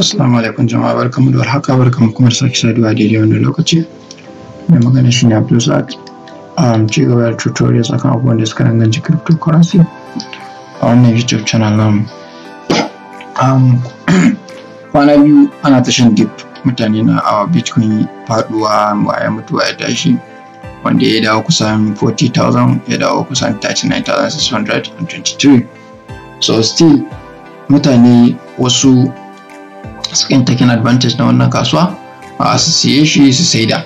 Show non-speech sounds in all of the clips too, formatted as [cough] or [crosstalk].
Assalamu alaikum jama'a barkamu da warhaka barkamu kuma da sake saduwa daidai wani lokaci mai magana shine abdul um, ci gaba da tutorials akan abubuwan da suka danganci cryptocurrency a wannan YouTube channel namu um, [clears throat] kwana biyu ana ta shan dip mutane na a bitcoin faduwa ya mutuwa ya tashi wanda ya dawo kusan 40,000 ya dawo kusan 39,622 so still mutane wasu sukan taken advantage na wannan kasuwa a su shi su saida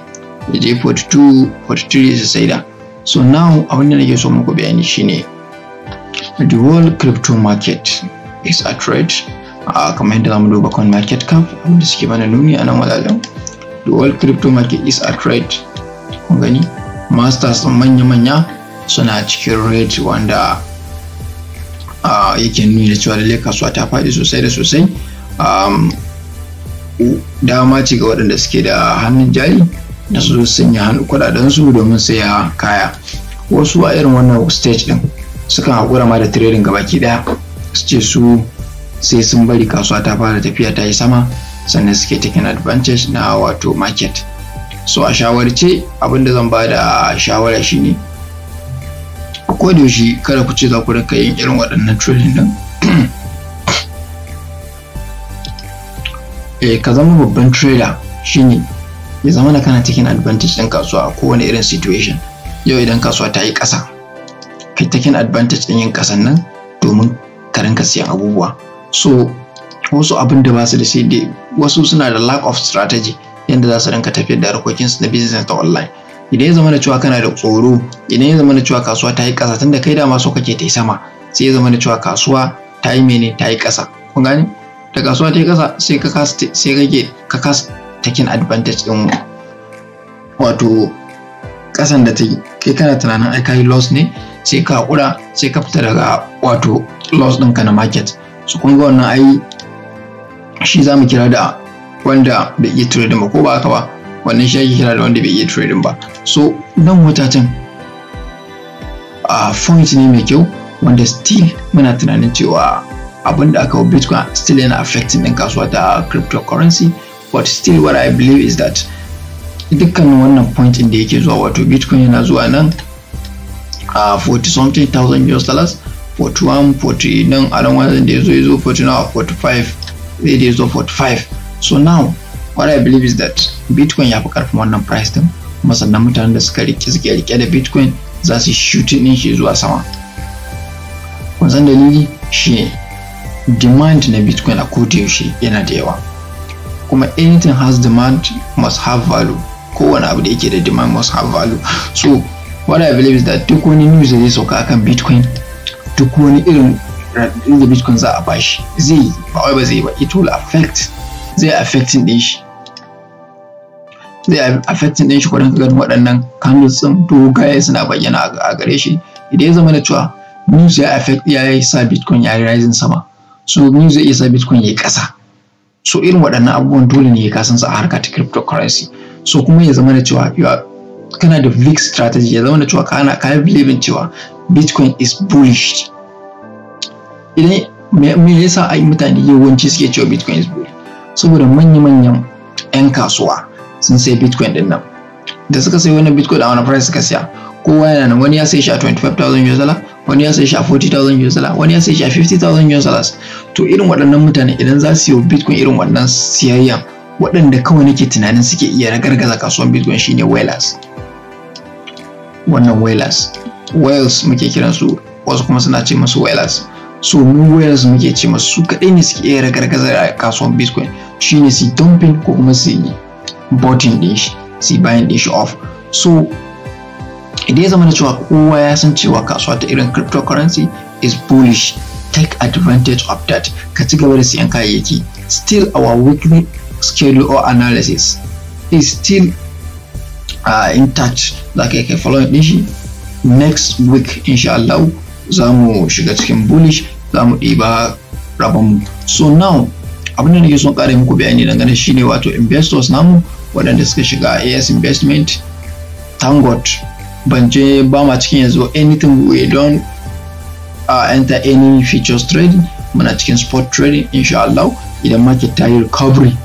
ya je 42 43 su saida so now abin da nake so muku bayani shine the world crypto market is a trade uh, kamar yadda zamu duba coin market cap wanda suke mana nuni a nan wajajen the world crypto market is a trade kun gani masters manya-manya suna cikin rate wanda yake nuni da cewa lallai kasuwa ta faɗi sosai da sosai um, dama ce ga waɗanda suke da hannun jari da su sanya hannu kuɗaɗensu domin saya kaya wasu a irin wannan stage ɗin sukan haƙura ma da gaba gabaki ɗaya su ce su sai sun bari kasuwa ta fara tafiya ta yi sama sannan suke taking advantage na wato market so a shawarce abinda zan ba da shawara shi shine a yaushe kada ku ce za ku rinka yin irin waɗannan trading ɗin eh ka zama babban trader shine ya zama na kana cikin advantage ɗin kasuwa a kowane irin situation yau idan kasuwa ta yi ƙasa kai takin advantage ɗin yin ƙasan nan domin ka rinka siyan abubuwa so wasu abin da ba su da sai wasu suna da lack of strategy yadda za su rinka tafiyar da harkokinsu na business ta online idan ya zama da cewa kana da tsoro idan ya zama da cewa kasuwa ta yi ƙasa tunda kai dama so kake ta yi sama sai ya zama da cewa kasuwa ta yi mene ta yi ƙasa kun gane da kasuwa ta kasa sai ka kasa sai kake ka kasa advantage din wato kasan da ta yi kai kana tunanin ai kai loss ne sai ka hakura sai ka fita daga wato loss ɗinka na market su kun ga wannan ai shi za mu kira da wanda bai iya trading ba ko ba haka ba wannan shi ake kira da wanda bai iya trading ba so nan wajajen a ah, point ne mai kyau wanda still muna tunanin cewa abin da aka wa bitcoin still yana affecting din kasuwa ta cryptocurrency but still what i believe is that dukkanin wannan point da yake zuwa wato bitcoin yana zuwa nan a 40 something thousand us dollars 41 40 nan a wannan da ya zo ya zo 49 45 zai da ya zo 45 so now what i believe is that bitcoin ya fi karfin wannan price din kuma sannan mutanen da suka rike suke rike da bitcoin za su shooting din shi zuwa sama kun san dalili shi ne demand na bitcoin a yaushe yana da yawa kuma anything has demand must have value kowane abu da yake da demand must have value so what i believe is that duk wani news da zai sauka akan bitcoin duk wani irin radin da bitcoin za a bashi zai ba wai ba zai ba it will affect zai affecting din shi zai affecting din shi kudin ga waɗannan candles din dogaye suna bayyana a gare shi idan ya zama da cewa news ya affect ya sa bitcoin ya rising sama so mu zai iya sa bitcoin ya kasa so irin waɗannan abubuwan dole ne ya kasan sa a harka ta cryptocurrency so kuma ya zama da cewa kana da big strategy ya zama da cewa kana ka believing cewa bitcoin is bullish idan me yasa ai mutane yawanci suke cewa bitcoin is bullish saboda manya-manyan 'yan kasuwa sun sai bitcoin din nan da suka sai wannan bitcoin a wani price suka siya kowa yana nan wani ya sai shi a 25,000 US dollar wani ya sai shi a 40,000 US dollar wani ya sai shi a 50,000 US dollars to irin waɗannan mutane idan za su yi bitcoin irin waɗannan siyayya waɗanda kawai nake tunanin suke iya gaza kasuwan bitcoin shine whalers wannan whalers whales muke kiransu wasu kuma suna ce masu whalers so mu whalers muke ce masu su kaɗai ne suke iya ragargaza kasuwan bitcoin shine su dumping ko kuma su yi botting din shi su buying din shi off so idan ya zama cewa kowa ya san cewa kasuwa ta irin cryptocurrency is bullish take advantage of that ka ci gaba da siyan kayayyaki still our weekly schedule or analysis is still uh, intact za ka kai following din shi next week insha Allah za mu shiga cikin bullish za mu ɗiba rabon so now abin da nake son ƙara muku bayani dangane shine wato investors namu waɗanda suka shiga AS investment Tangot. ban je ba ma cikin yanzu anything we don uh, enter any futures trading muna cikin spot trading insha Allah idan market ta yi recovery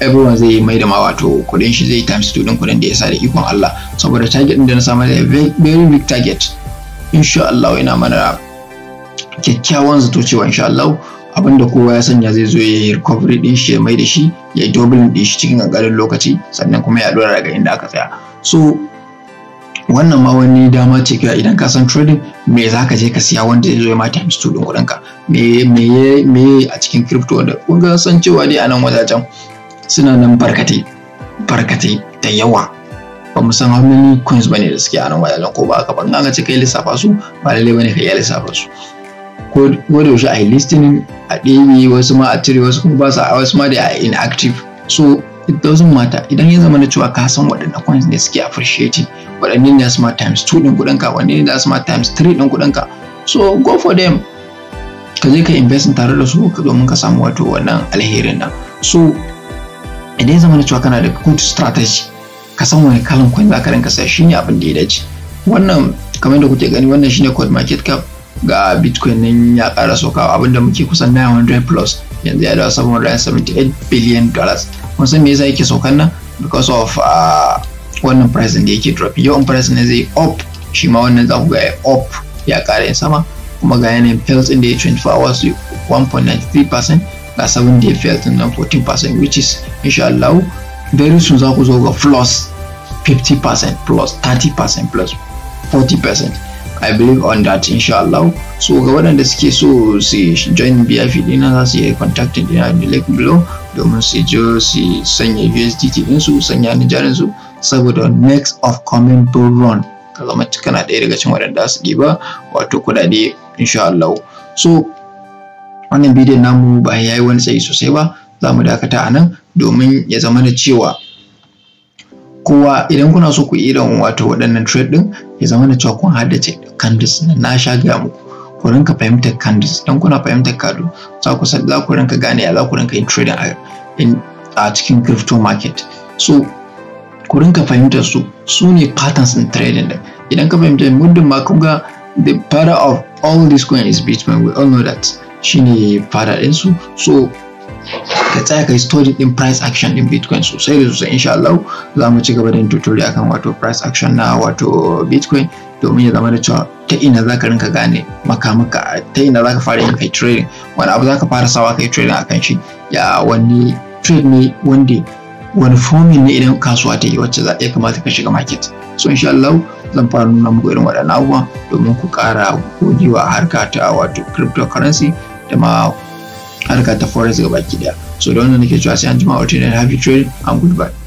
everyone zai mai da ma wato kudin shi zai times two din kudin da ya sa da ikon Allah saboda target din da na samu da very big target insha Allah yana mana kyakkyawan zato cewa insha Allah abinda kowa ya sanya zai zo ya yi recovery din shi ya mai da shi ya yi doubling din shi cikin ƙanƙanin lokaci sannan kuma ya dora daga inda aka tsaya so wannan ma wani dama ce ka idan ka san trading me za ka je ka siya wanda zai zo ya mata mistu two din kuɗinka me me me a cikin crypto wanda kun ga san cewa dai a nan wajajen suna nan barkatai barkatai da yawa ba mu san how many coins bane da suke a nan wajajen ko ba ka ban ga ce kai lissafa su ba lallai bane ka iya lissafa su ko da yaushe a yi listening a ɗebe wasu ma a cire wasu kuma ba su a wasu ma da a inactive so Duk doesn't mata, idan ya zama na cewa ka san waɗanne coins ne suke appreciating waɗanne ne asma times 2 din kuɗinka waɗanne ne asma times 3 din kuɗinka so go for them ka je ka invest in tare da su domin ka samu wato wannan alherin nan so idan ya zama na cewa kana da good strategy ka san wani kalan coin za ka rinka shi ne abin da ya dace wannan kamar yadda kuke gani wannan shine code market cap ga bitcoin nan ya ƙara sokawa abinda muke kusan 900 plus yanzu ya dawo 778 billion dollars kun san me yasa yake saukan nan because of ah, wannan price da yake drop yau in price ne zai up shi ma wannan za ku ga ya up ya kare sama kuma ga yanayin fails in da 24 hours 1.93% ga 7 day fails in nan 14% which is insha Allah very soon za ku zo ga plus 50% plus 30% plus 40% I believe on that inshallah so ga waɗanda suke so su join BFE dina za su yi contacting in the link below domin su je su sanya USDT ɗinsu sanya hannun su saboda next of coming bull run ka zama kana ɗaya daga cikin waɗanda su ɗiba wato kuɗaɗe insha Allah so wannan bidiyon namu ba ya yi wani tsayi sosai ba za mu dakata anan domin ya zama da cewa kowa idan kuna so ku irin wato waɗannan trade ɗin ya zama na cewa kun haddace candles na sha gaya muku ku rinka fahimtar candles don kuna fahimtar kado za ku za ku rinka gane ya za ku rinka yin trading a cikin crypto market so ku rinka fahimtar su su ne patterns in trading da idan ka fahimta muddin ma kun ga the father of all this coin is bitcoin we all know that shine father din su so ka tsaya ka story ɗin price action din bitcoin sosai da sosai insha Allah za mu ci gaba da yin tutorial akan wato price action na wato bitcoin domin ya zama da cewa ta ina za ka rinka gane makamuka ta ina za ka fara yin kai trading wani abu za ka fara sawa kai trading akan shi ya wani trade ne wanda wani forming ne idan kasuwa ta yi wacce za ya kamata ka shiga market so insha Allah zan fara nuna muku irin waɗannan abubuwa domin ku ƙara gogewa harka ta wato cryptocurrency da ma harka ta forex gaba ki daya so da wannan nake cewa sai an jima wata ne happy trading and goodbye